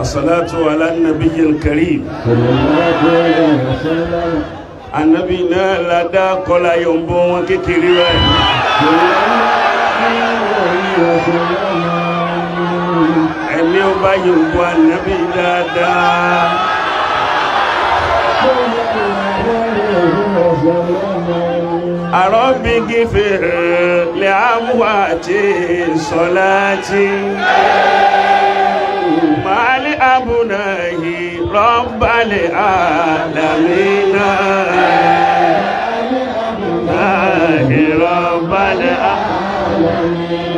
الصلاة على النبي الكريم صلى الله عليه وسلم النبي لا دا كلا يوم بوم كتيري ẹni ọba yòówù ànábì dáadáa. رب اغفر لأمواتي صلاتي مع لأبناء رب العالمين رب العالمين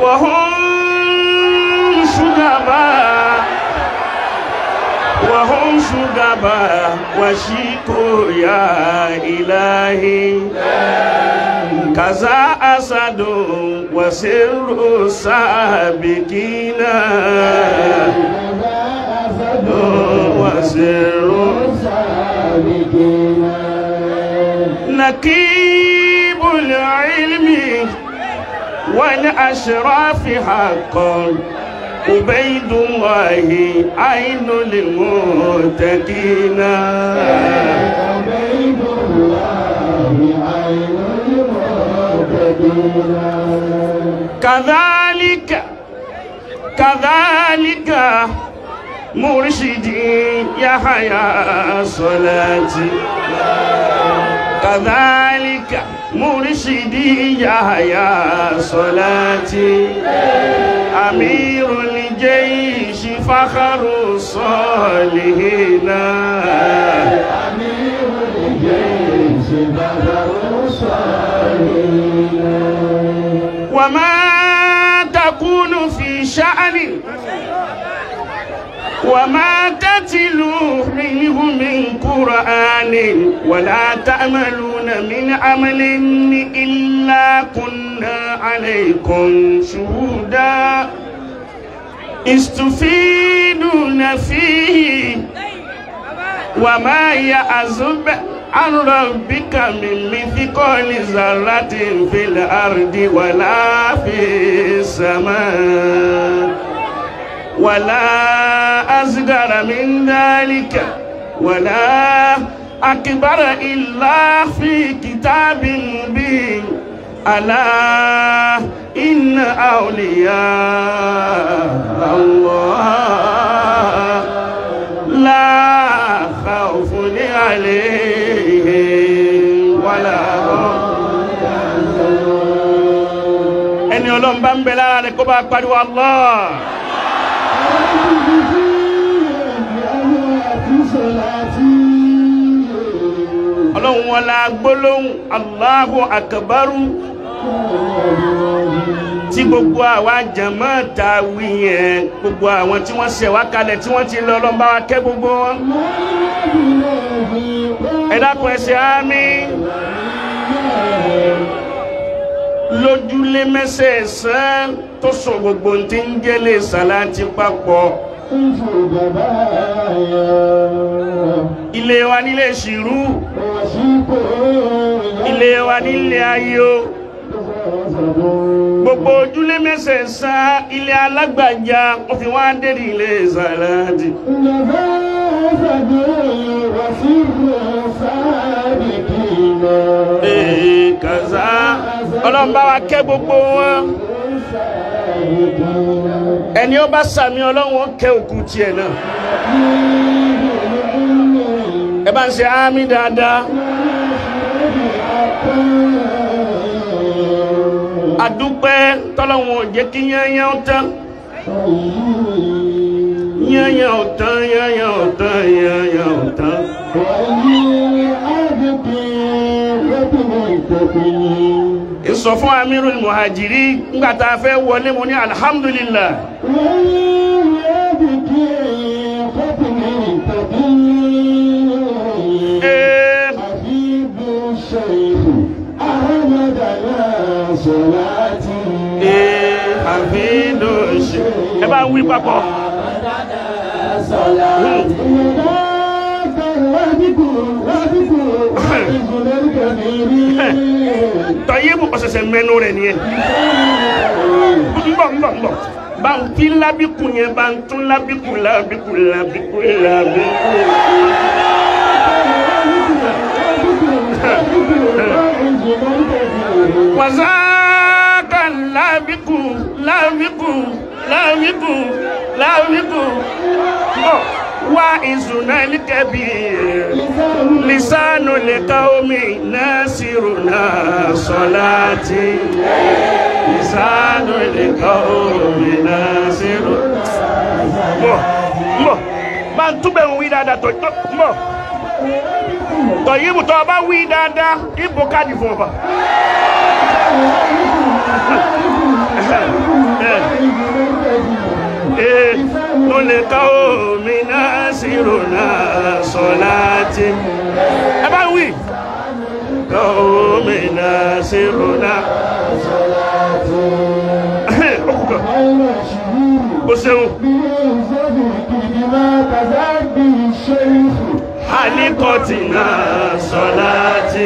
وهم شهداء شغبا وشيكو يا إلهي كذا أسد وسر السابقين وسر السابقين نكيب العلم والأشراف حقا عبيد الله عين للمتقين عبيد الله عين كذلك كذلك مرشدي يا حيا صلاتي كذلك مرشدي يا حيا صلاتي أمير الجيش فخر الصالحين الجيش فخر وما تكون في شأن وما تتلو منه من قرآن ولا تأملون من عمل إلا كنا عليكم شهودا يستفيدون فيه وما يعزب عن ربك من مثقال ذرة في الأرض ولا في السماء ولا أصغر من ذلك ولا أكبر إلا في كتاب مبين ألا inna awliya Allah la khawfun alayhim wala ẹni ọlọ́run bá ń bẹ lára rẹ̀ kó bá pariwo Allah. ọlọ́run wọn la gbólóhùn Allahu akbaru tí gbogbo àwa jẹ̀mọ́ ta wí yẹn gbogbo àwọn tí wọ́n ṣẹ̀ wá kalẹ̀ tí wọ́n ti lọ ọlọ́mọba wa kẹ́ gbogbo wọn. ẹ dákun ẹsẹ̀ ámì lójúlé mẹ́sẹ̀ẹ̀sán tó sọ gbogbo tí ń jẹ́lé sàláńtì papọ̀. ilé wa nílé ṣìrú ilé wa nílé ayé o gbogbo ojúlé mẹ́sẹ̀ẹ̀sá ilé alágbàjá ó fi wá dédì ilé sàláàdì. kàzá ọlọ́run bá wa kẹ́ gbogbo wọn ẹni ó bá sàmì ọlọ́run ó kẹ́ òkú tiẹ̀ náà ẹ bá ń ṣe ámì dáadáa adúpẹ́ tọ́lọ́wọ́n jẹ́ kí yányán tán yányán ò tán yányán ò tán yányán ò tán. ìsọ fún amirul muhajiri ńgbà tá a fẹ́ wọlé mo ní alhamdulillah. Ee. Eh. Ahmed Alasala. ẹ bá ń wí papọ̀. tọ́yé bò ọ̀sẹ̀sẹ̀ mẹ́nu rẹ̀ nìyẹn. ń bọ̀ ń bọ̀ bá ń fi lábíkù yẹn bá ń tún lábíkù lábíkù lábíkù lábíkù. wàzákà lábíkù lábíkù láwíbù láwíbù bọ̀ wá ìzùnà líkẹ́bí lisanu lẹ́ka omi nasiru náà sọláàtì lisanu lẹ́ka omi nasiru bọ̀ bọ̀ bá ń túbẹ̀ ń wí dáadáa tó bọ̀ tọ̀yìnbù tọ́ ọba wí dáadáa ibò káàdì fún ọba. القوم ناصرنا صلاة أبوي قوم ناصرنا صلاة حلقتنا صلاة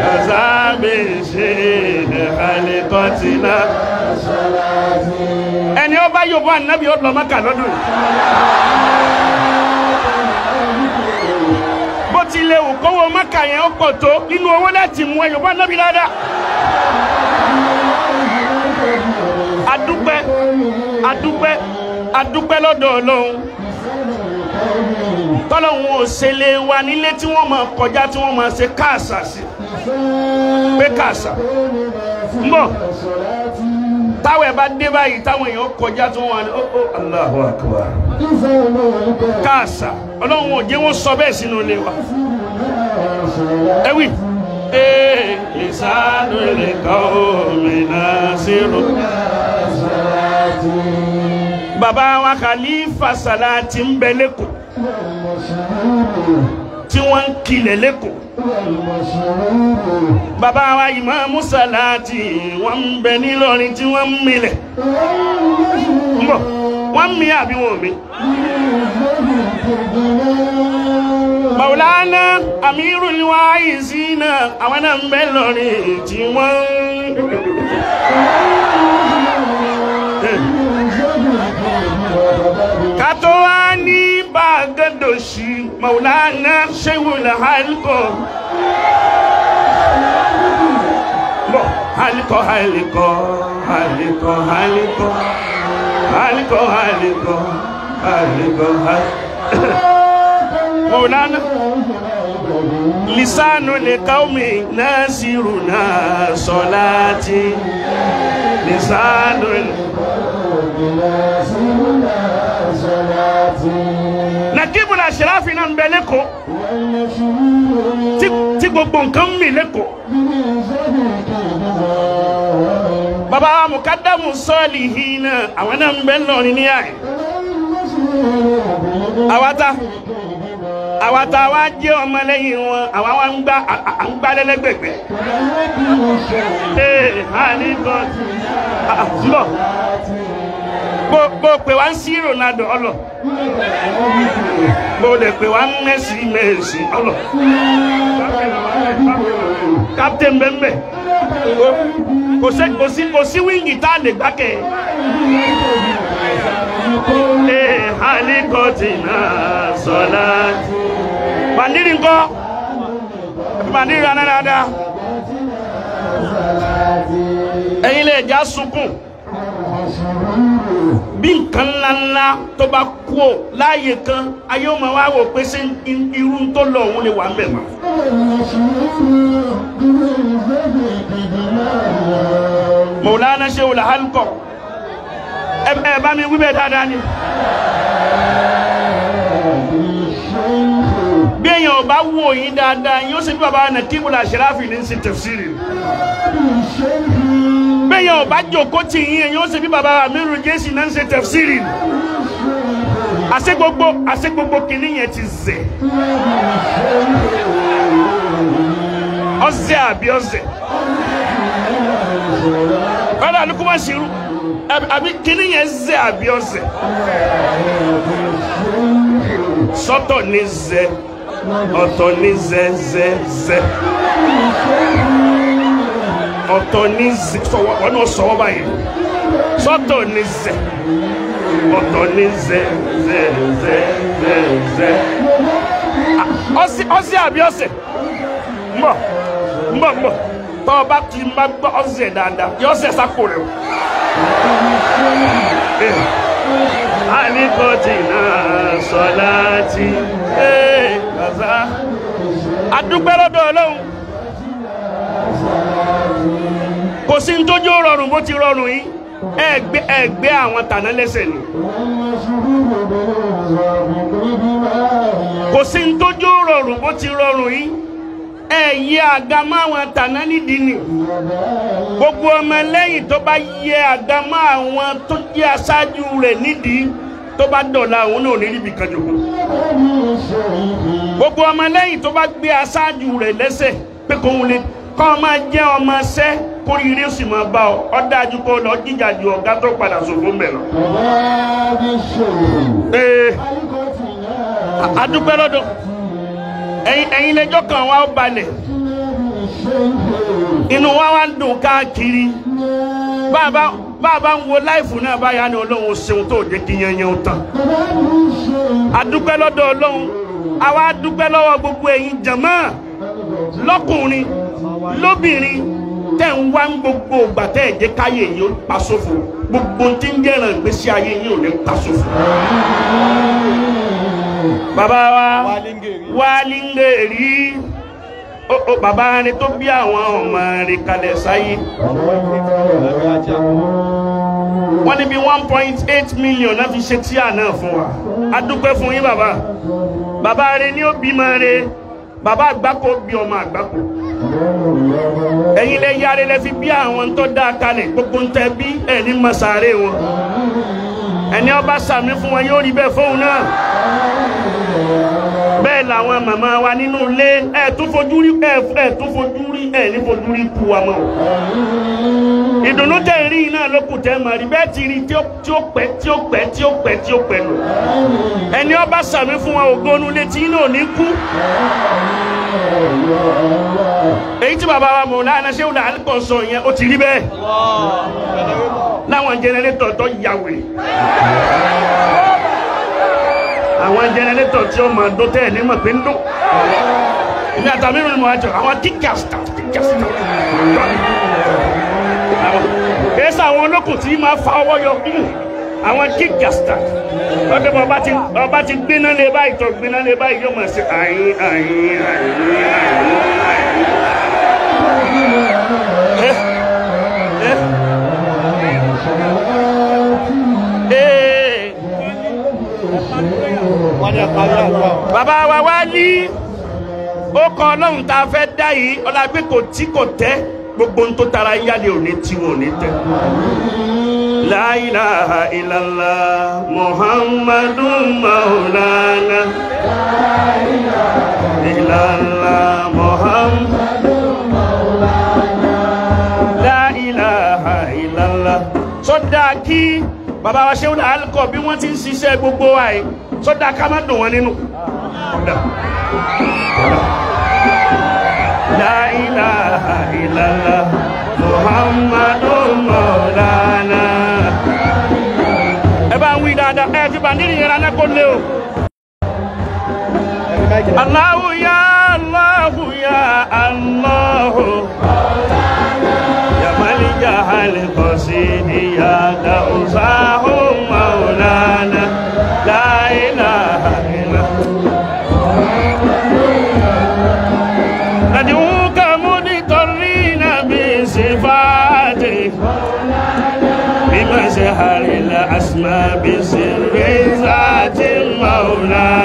كذاب الشيخ حلقتنا صلاة ẹni ó bá yòówó ànábì ó lọ Mẹ́kà lọ́dún bó ti lè wù kówó Mẹ́kà yẹn ó pọ̀ tó nínú owó láti mú yòówó ànábì dáadáa adúpẹ́ adúpẹ́ adúpẹ́ lọ́dọ̀ ọlọ́run tọ́lọ́hún òṣèlè wa nílé tí wọ́n máa kọjá tí wọ́n máa ṣe káàsà sí pé káàsà ń táwọn ẹ̀ bá dé báyìí táwọn èèyàn kọjá tó wọn ni ó ó Allahu káàsà ọlọ́run ò jẹ́ wọ́n sọ bẹ́ẹ̀ sínú ilé wa ẹ wí. ee lisanu le kaomi nasiru. bàbá wa Khalifa Salaty ń bẹ lẹ́kọ̀ọ́ tí wọ́n ń kilẹ̀ lẹ́kọ̀ọ́. bàbá wa Ìmáàmù Sàláàtì wọ́n ń bẹ nílọrin tí wọ́n ń milẹ̀. mbọ wọ́n ń mi àbí wọn mi. Màwùlánà Amirul Waizina àwọn náà ń bẹ lọ́rin tí wọ́n ń. katoani bagadọsi maulana. شيء الحلقة حلقة حلقة حلقة حلقة حلقة حلقة حلقة مولانا لسان لقوم ناصرنا صلاتي لسان لقوم ناصرنا صلاتي kọ́lá ṣìláfin náà ń bẹ lẹ́kọ̀ọ́ tí gbogbo nǹkan ń mì lẹ́kọ̀ọ́. bàbá mukadamu sọ́ọ̀lì yìí náà àwọn náà ń bẹ lọ́rin ní àyè. àwata àwata wa jẹ́ ọmọlẹ́yìn wọn àwa wa ń gbá à ń gbá lẹ́lẹ́gbẹ̀gbẹ́. ee hali bọ́ọ̀tì. Ah, ah, àbúrò bó pè wá ń sí Ronaldo ọlọ bó dẹ̀ pè wá ń Messi Messi ọlọ captain bẹ́ẹ̀ kò sí kò sí wíńgì tá a lè gbá kẹ́ ẹ alikọtì náà sọlá mandiri ńkọ́ mandiri rana dáadáa ẹ̀yin lè já sunkún bí nǹkan ńláńlá tó bá kú ò láàyè kan ayé ó máa wò pé ṣé irú tó lọ òun lè wà ń bẹ̀ mọ́. mọ̀lánà ṣe wò láhálùkọ̀ ẹ bá mi wí bẹ́ẹ̀ dáadáa ni. bí èèyàn ò bá wò yín dáadáa yóò ṣe bí baba nàkíkù làṣẹ́ráfì ní í ṣe tẹ̀síìrì téèyàn ò bá jòkó tì yín èyàn ó ṣe bí baba amiru jésì náà ń ṣe tẹfsiri àṣẹ gbogbo àṣẹ gbogbo kìíní yẹn ti zẹ ọzẹ àbí ọzẹ ọdọ àdúgbò ṣirú àbí kìíní yẹn zẹ àbí ọzẹ sọ́tọ̀ ní zẹ ọ̀tọ̀ ní zẹ zẹ zẹ ọ̀tọ̀ ní zè wọn náà sọ wọ́n báyìí sọ́tọ̀ ní zè ọ̀tọ̀ ní zè zè zè zè zè ọsí ọsí àbí ọsẹ mbọ mbọ mbọ tọ́ ọ bá ti má gbọ́ ọsẹ dáadáa yọ ọsẹ sáko rẹ o eh, alikotina sọláàtì eh, ẹ kàzá adúgbẹ́lódò ọlọ́run. kò sí ní tójú rọrùn bó ti rọrùn yìí ẹgbẹ́ ẹgbẹ́ àwọn tàná lẹ́sẹ̀ ni. kò sí ní tójú rọrùn bó ti rọrùn yìí ẹ̀yẹ àgámọ́ àwọn tàná nídìí ni gbogbo ọmọ lẹ́yìn tó bá yẹ àgámọ́ àwọn tó jẹ́ aṣáájú rẹ̀ nídìí tó bá dọ̀la òun náà níbi kan jòkó gbogbo ọmọ lẹ́yìn tó bá gbé aṣáájú rẹ̀ lẹ́sẹ̀ pé kò ń kọ́ ọ máa jẹ́ ọmọ sẹ́. kórìíre sì máa bá ọ ọ dájú kó lọ jíjà ju ọ̀gá tó padà ṣòfò mẹ́ lọ. Eh. adúpẹ́ lọ́dọ̀ ẹ̀yin lẹ́jọ́ kan wá ó balẹ̀ inú wa wá ń dùn káàkiri bàbá bàbá ń wo láìfù náà báyà ni ọlọ́run ṣeun tó jẹ́ kí yẹn yẹn tán adúpẹ́ lọ́dọ̀ ọlọ́run àwa adúpẹ́ lọ́wọ́ gbogbo ẹ̀yin lọ́kùnrin lóbìnrin. tẹ́ ń wá gbogbo ìgbà tẹ́ ẹ jẹ́ káyé yìí ó pa sófo gbogbo tí ń jẹ́ràn ìgbésí ayé yìí ò ní pa sófo. bàbá wa Wálíngèrì o bàbá ni tó bí àwọn ọmọ rẹ̀ kalẹ̀ sáyé wọ́n ní one point eight million náà fi ṣe tíà náà fún wa a dúpẹ́ fún yín bàbá bàbá rẹ̀ ni ó bímọ rẹ̀ bàbá àgbákò bí ọmọ àgbákò ẹ̀yin lẹ yára lẹ fi bí àwọn tó dá a kalẹ̀ gbogbo ń tẹ bí ẹ̀ ní masare wọn ẹni ọba sàmì fún wọn yóò rí bẹ́ẹ̀ fóun náà bẹ́ẹ̀ làwọn màmá wa nínú ilé ẹ̀ tún fojú rí ẹ̀ tún fojú rí ẹ̀ ní fojú rí ku wa mọ́ ìdùnnú tẹ̀ ń rí iná lókù tẹ́ máa rí bẹ́ẹ̀ ti rí tí ó pẹ́ tí ó pẹ́ tí ó pẹ́ tí ó pẹ́ nù ẹni ọba sàmì fún wa ògbónú létí iná ò ní kú èyí tí bàbá wa mọ̀ lánàá ṣé wùdà àlùkò sọ yẹn ó ti rí bẹ́ẹ̀ láwọn jẹnẹrétọ̀ tó yàwé àwọn jẹnẹrétọ̀ tí ó máa dún tẹ́ ẹ̀ ní mọ̀ pé ń dún ìyá tàbí mi mọ̀ ẹ́ jọ àwọn tíkàstà tíkàstà gangster àwọn olókùn tí máa fa ọwọ́ yọ àwọn gig gangster ọdún bọba ti ọba ti gbiná lé báyìí tó gbiná lé báyìí yóò máa ṣe àyín àyín àyín àyín àyín. bàbá wa wá ní ó kọ ọlọ́run tá a fẹ́ dá yìí ọlá pé kò tí kò tẹ́ gbogbo ń tó tara yáde òní tiwọn òní tẹ. La ilaha illallah Muhammadun Maulana. La ilaha illallah Muhammadun Maulana. La ilaha illallah. Sọ́dà kí bàbá wa ṣéun alukọ bí wọ́n ti ń ṣiṣẹ́ gbogbo wa yìí sọ́dà ká má dùn wọn nínú la ilaha illallah muhammadun maulana. ẹ ń wí dáadáa ẹ ti bá nílì yẹn lánàá lé o. Allahu ya Allahu ya Allahu. Ya Malik ya Halik Qasidi ya Gausahu. of life.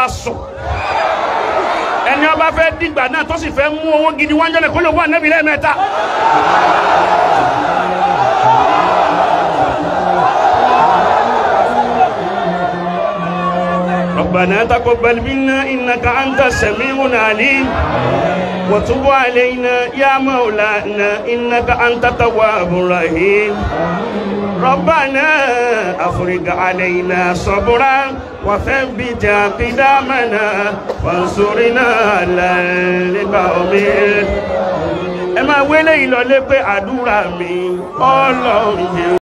wa sùn ẹni ọba fẹ́ dìgbà náà tó sì fẹ́ mú owó gidi wájú náà kó lè wá nẹ́bí lẹ́ẹ̀mẹ́ta. ربنا تقبل منا إنك أنت السميع العليم وتب علينا يا مولانا إنك أنت التواب الرحيم ربنا أفرج علينا صبرا وثبت قدامنا وانصرنا على القوم ẹ máa wélé ìlọlé pé àdúrà mi ọlọ́run